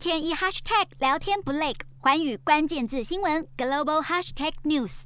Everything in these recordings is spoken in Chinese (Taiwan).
天一 hashtag 聊天不 lag，寰宇關鍵字新聞 global hashtag news。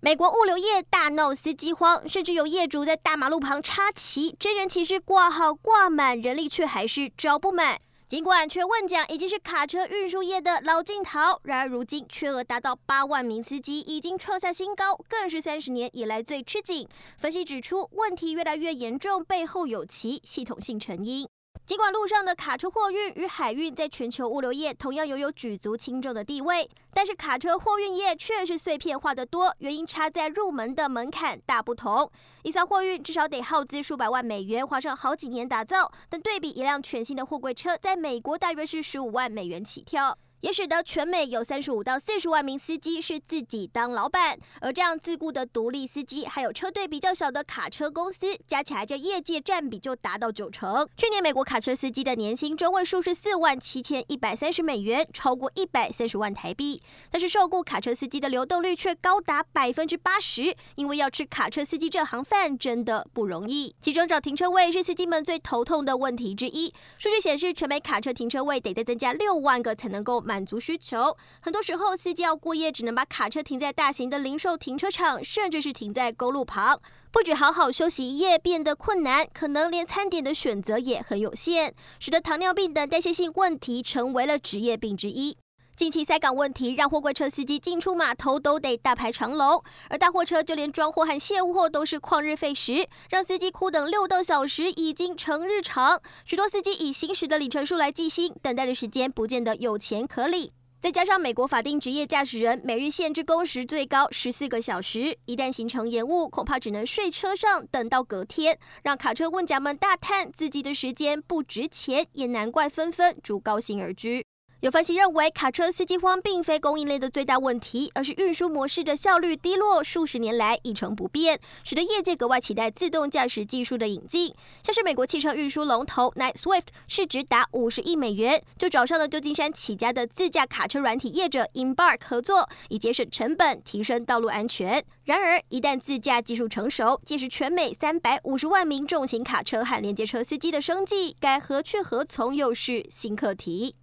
美國物流業大鬧司機荒，甚至有業主在大馬路旁插旗，徵人啟事掛好掛滿，人力卻還是招不滿。儘管缺工荒已經是卡車運輸業的老症頭，然而如今缺額達到八萬名司機，已經創下新高，更是三十年以來最吃緊。分析指出，問題越來越嚴重，背後有其系統性成因。儘管路上的卡車貨運與海運在全球物流業同樣擁有舉足輕重的地位，但是卡車貨運業卻是碎片化得多，原因差在入門的門檻大不同。一艘貨運至少得耗資數百萬美元，花上好幾年打造，但對比一輛全新的貨櫃車，在美國大約是十五萬美元起跳。也使得全美有三十五到四十萬名司機是自己當老闆，而這樣自雇的獨立司機，還有車隊比較小的卡車公司，加起來在業界佔比就達到九成。去年美國卡車司機的年薪中位數是四萬七千一百三十美元，超過一百三十萬台幣，但是受雇卡車司機的流動率卻高達百分之八十，因為要吃卡車司機這行飯真的不容易。其中找停車位是司機們最頭痛的問題之一。數據顯示，全美卡車停車位得再增加六萬個才能夠。滿足需求，很多時候司機要過夜，只能把卡車停在大型的零售停車場，甚至是停在公路旁。不只好好休息一夜變得困難，可能連餐點的選擇也很有限，使得糖尿病等代謝性問題成為了職業病之一。近期塞港問題讓貨櫃車司機進出碼頭都得大排長龍，而大貨車就連裝貨和卸貨都是曠日費時，讓司機苦等六到小時已經成日常。許多司機以行駛的里程數來計薪，等待的時間不見得有錢可領。再加上美國法定職業駕駛人每日限制工時最高十四個小時，一旦行程延誤，恐怕只能睡車上等到隔天。讓卡車問家們大嘆自己的時間不值錢，也難怪紛紛逐高薪而居。有分析認為，卡車司機荒並非供應鏈的最大問題，而是運輸模式的效率低落，數十年來一成不變，使得業界格外期待自動駕駛技術的引進。像是美國汽車運輸龍頭 Knight Swift，市值達五十億美元，就找上了舊金山起家的自駕卡車軟體業者 Embark 合作，以節省成本、提升道路安全。然而，一旦自駕技術成熟，屆時全美三百五十萬名重型卡車和連結車司機的生計該何去何從，又是新課題。